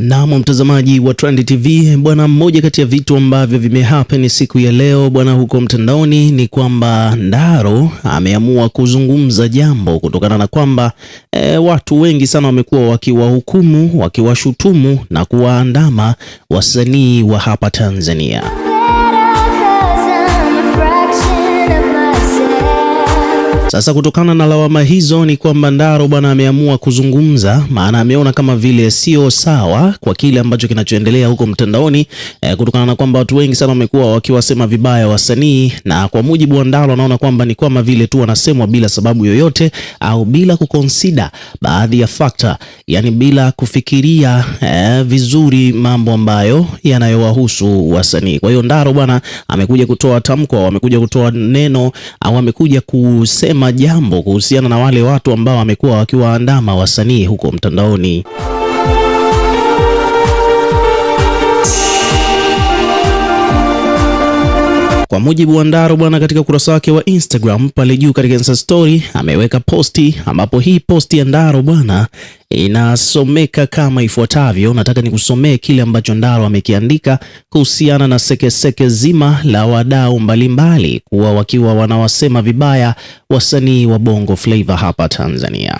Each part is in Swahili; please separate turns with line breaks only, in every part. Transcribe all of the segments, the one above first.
Naam, mtazamaji wa Trend TV bwana, mmoja kati ya vitu ambavyo vimehappen siku ya leo bwana, huko mtandaoni ni kwamba Ndaro ameamua kuzungumza jambo kutokana na kwamba e, watu wengi sana wamekuwa wakiwahukumu, wakiwashutumu na kuwaandama wasanii wa hapa Tanzania. Sasa kutokana na lawama hizo ni kwamba Ndaro bwana ameamua kuzungumza, maana ameona kama vile sio sawa kwa kile ambacho kinachoendelea huko mtandaoni e, kutokana na kwamba watu wengi sana wamekuwa wakiwasema vibaya wasanii, na kwa mujibu wa Ndaro anaona kwamba ni kama vile tu wanasemwa bila sababu yoyote au bila kukonsida baadhi ya factor, yani bila kufikiria e, vizuri mambo ambayo yanayowahusu wasanii. Kwa hiyo Ndaro bwana amekuja kutoa tamko, amekuja kutoa neno au amekuja kusema kusema jambo kuhusiana na wale watu ambao wamekuwa wakiwaandama wasanii huko mtandaoni. Kwa mujibu wa Ndaro bwana, katika ukurasa wake wa Instagram pale juu katika Insta story ameweka posti, ambapo hii posti ya Ndaro bwana inasomeka kama ifuatavyo. Nataka nikusomee kile ambacho Ndaro amekiandika kuhusiana na sekeseke seke zima la wadau mbalimbali kuwa wakiwa wanawasema vibaya wasanii wa Bongo Flava hapa Tanzania.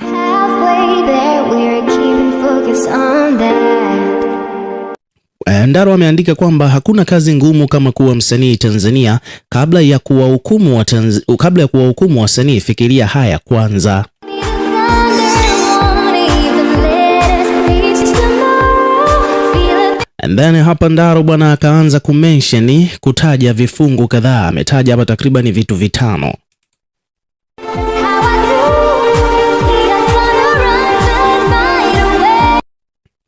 Eh, Ndaro ameandika kwamba hakuna kazi ngumu kama kuwa msanii Tanzania. Kabla ya kuwahukumu wa Tanz... kabla ya kuwahukumu wasanii, fikiria haya kwanza. And then hapa Ndaro bwana akaanza kumensheni kutaja vifungu kadhaa, ametaja hapa takribani vitu vitano.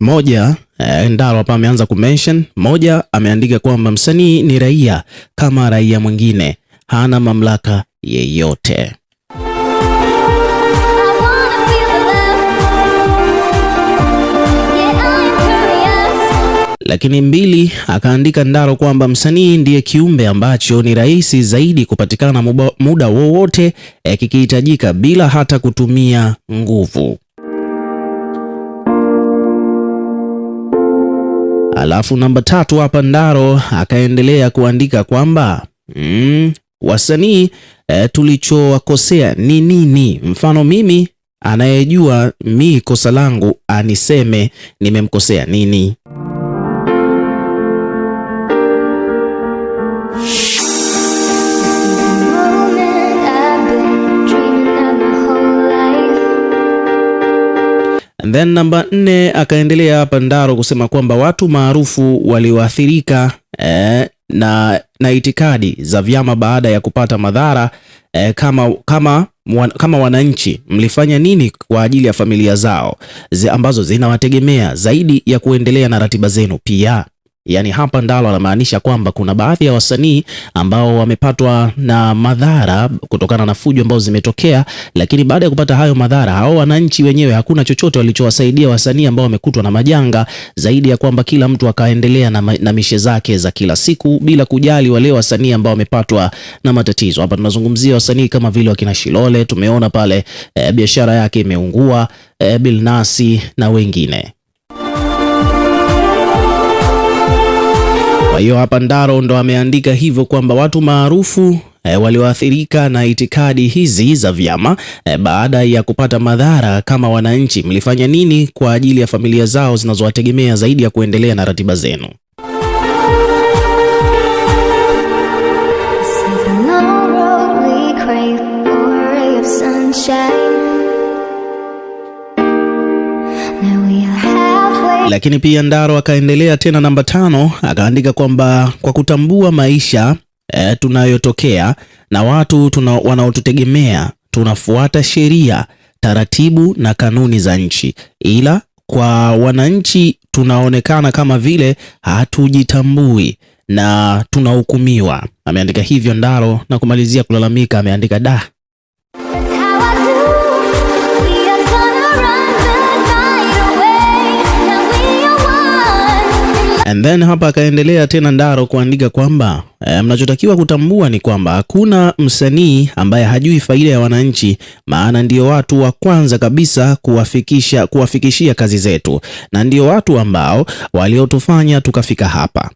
Moja, eh, Ndaro hapa ameanza kumention. Moja ameandika kwamba msanii ni raia kama raia mwingine, hana mamlaka yeyote. Lakini mbili, akaandika Ndaro kwamba msanii ndiye kiumbe ambacho ni rahisi zaidi kupatikana muda wowote eh, kikihitajika bila hata kutumia nguvu. Alafu namba tatu hapa Ndaro akaendelea kuandika kwamba mm, wasanii e, tulichowakosea ni nini? Mfano mimi anayejua mi kosa langu aniseme nimemkosea nini. And then namba nne akaendelea hapa ndaro kusema kwamba watu maarufu walioathirika eh, na, na itikadi za vyama baada ya kupata madhara eh, kama, kama, kama wananchi mlifanya nini kwa ajili ya familia zao zi ambazo zinawategemea zaidi ya kuendelea na ratiba zenu pia Yaani hapa ndalo anamaanisha kwamba kuna baadhi ya wasanii ambao wamepatwa na madhara kutokana na fujo ambazo zimetokea, lakini baada ya kupata hayo madhara, hao wananchi wenyewe hakuna chochote walichowasaidia wasanii ambao wamekutwa na majanga, zaidi ya kwamba kila mtu akaendelea na, na mishe zake za kila siku bila kujali wale wasanii ambao wamepatwa na matatizo. Hapa tunazungumzia wasanii kama vile wakina Shilole, tumeona pale e, biashara yake imeungua, e, eh, Bilnasi na wengine. Kwa hiyo hapa Ndaro ndo ameandika hivyo kwamba watu maarufu E, walioathirika na itikadi hizi za vyama e, baada ya kupata madhara kama wananchi, mlifanya nini kwa ajili ya familia zao zinazowategemea zaidi ya kuendelea na ratiba zenu? Lakini pia Ndaro akaendelea tena, namba tano akaandika kwamba kwa kutambua maisha e, tunayotokea na watu tuna, wanaotutegemea tunafuata sheria, taratibu na kanuni za nchi, ila kwa wananchi tunaonekana kama vile hatujitambui na tunahukumiwa. Ameandika hivyo Ndaro na kumalizia kulalamika, ameandika da And then hapa akaendelea tena Ndaro kuandika kwamba e, mnachotakiwa kutambua ni kwamba hakuna msanii ambaye hajui faida ya wananchi, maana ndio watu wa kwanza kabisa kuwafikisha kuwafikishia kazi zetu, na ndio watu ambao waliotufanya tukafika hapa.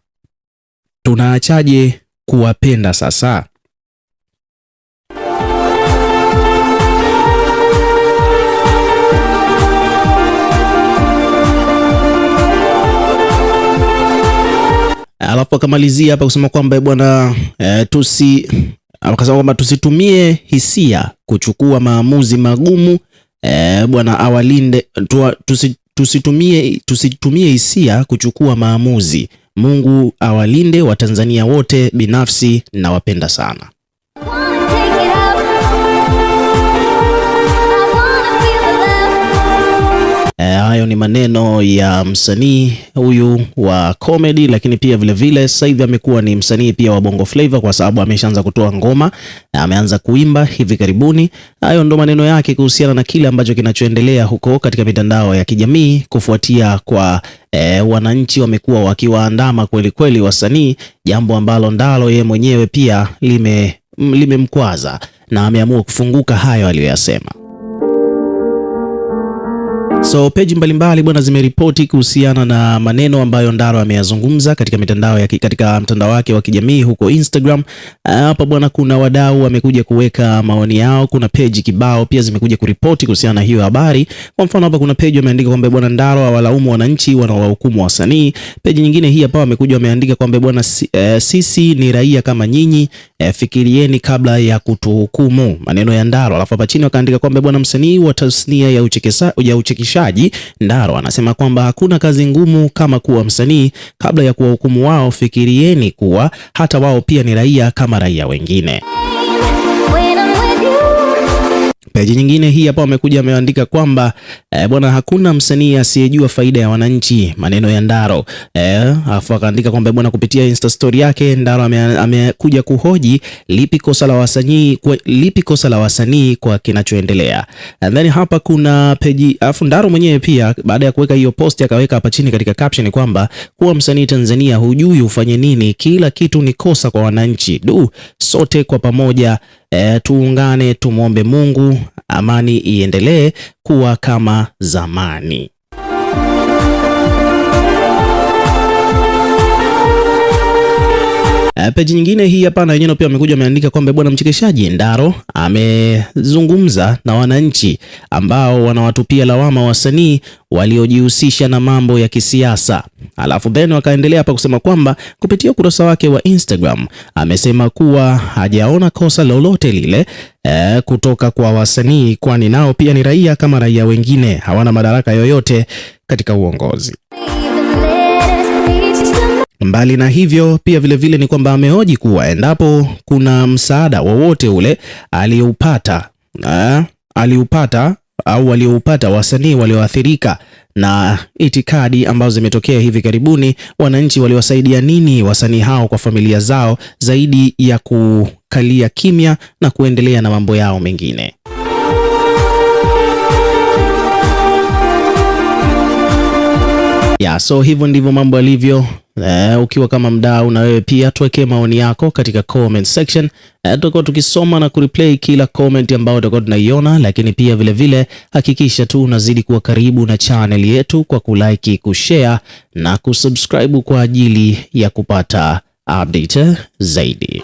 Tunaachaje kuwapenda sasa? Eh, alafu akamalizia hapa kusema kwamba eh, bwana e, tusi akasema kwamba tusitumie hisia kuchukua maamuzi magumu e, bwana awalinde tuwa, tusi, tusitumie, tusitumie hisia kuchukua maamuzi. Mungu awalinde Watanzania wote binafsi na wapenda sana. Eh, hayo ni maneno ya msanii huyu wa comedy, lakini pia vilevile sasa hivi amekuwa ni msanii pia wa Bongo Flava kwa sababu ameshaanza kutoa ngoma, na ameanza kuimba hivi karibuni. Hayo ndo maneno yake kuhusiana na kile ambacho kinachoendelea huko katika mitandao ya kijamii kufuatia kwa E, wananchi wamekuwa wakiwaandama kweli kweli wasanii, jambo ambalo ndalo ye mwenyewe pia lime limemkwaza na ameamua kufunguka hayo aliyoyasema. So peji mbalimbali bwana zimeripoti kuhusiana na maneno ambayo Ndaro ameyazungumza katika mitandao ya katika mtandao wake wa kijamii huko Instagram. Hapa bwana, kuna wadau wamekuja kuweka maoni yao, kuna peji kibao pia zimekuja kuripoti kuhusiana na hiyo habari. Kwa mfano hapa kuna peji wameandika kwamba bwana Ndaro awalaumu wananchi wanaowahukumu wasanii. Peji nyingine hii hapa wamekuja wameandika kwamba bwana, eh, sisi ni raia kama nyinyi, e, fikirieni kabla ya kutuhukumu, maneno ya Ndaro. Alafu hapa chini wakaandika kwamba bwana msanii wa tasnia ya, ya uchekeshaji Ndaro anasema kwamba hakuna kazi ngumu kama kuwa msanii. Kabla ya kuwahukumu wao, fikirieni kuwa hata wao pia ni raia kama raia wengine. Peji nyingine hii hapa wamekuja ameandika kwamba eh, bwana hakuna msanii asiyejua faida ya wananchi, maneno ya Ndaro. eh, afu akaandika kwamba bwana kupitia Insta story yake Ndaro amekuja ame kuhoji lipi kosa la wasanii kwa, lipi kosa la wasanii kwa kinachoendelea. And then hapa kuna peji, afu Ndaro mwenyewe pia baada ya kuweka hiyo post akaweka hapa chini katika caption kwamba kuwa msanii Tanzania hujui ufanye nini, kila kitu ni kosa kwa wananchi. Du, sote kwa pamoja e, tuungane tumwombe Mungu amani iendelee kuwa kama zamani. Eh, peji nyingine hii hapa na wenyewe pia wamekuja wameandika kwamba bwana mchekeshaji Ndaro amezungumza na wananchi ambao wanawatupia lawama wasanii waliojihusisha na mambo ya kisiasa. Alafu then wakaendelea hapa kusema kwamba kupitia ukurasa wake wa Instagram amesema kuwa hajaona kosa lolote lile eh, kutoka kwa wasanii, kwani nao pia ni raia kama raia wengine, hawana madaraka yoyote katika uongozi. Mbali na hivyo pia vilevile vile ni kwamba amehoji kuwa endapo kuna msaada wowote ule aliupata eh, aliupata au walioupata wasanii walioathirika na itikadi ambazo zimetokea hivi karibuni, wananchi waliwasaidia nini wasanii hao kwa familia zao zaidi ya kukalia kimya na kuendelea na mambo yao mengine. yeah, so hivyo ndivyo mambo yalivyo. Uh, ukiwa kama mdau na wewe pia tuweke maoni yako katika comment section. Uh, tutakuwa tukisoma na kureplay kila comment ambayo utakuwa tunaiona, lakini pia vilevile vile, hakikisha tu unazidi kuwa karibu na channel yetu kwa kulike, kushare na kusubscribe kwa ajili ya kupata update zaidi.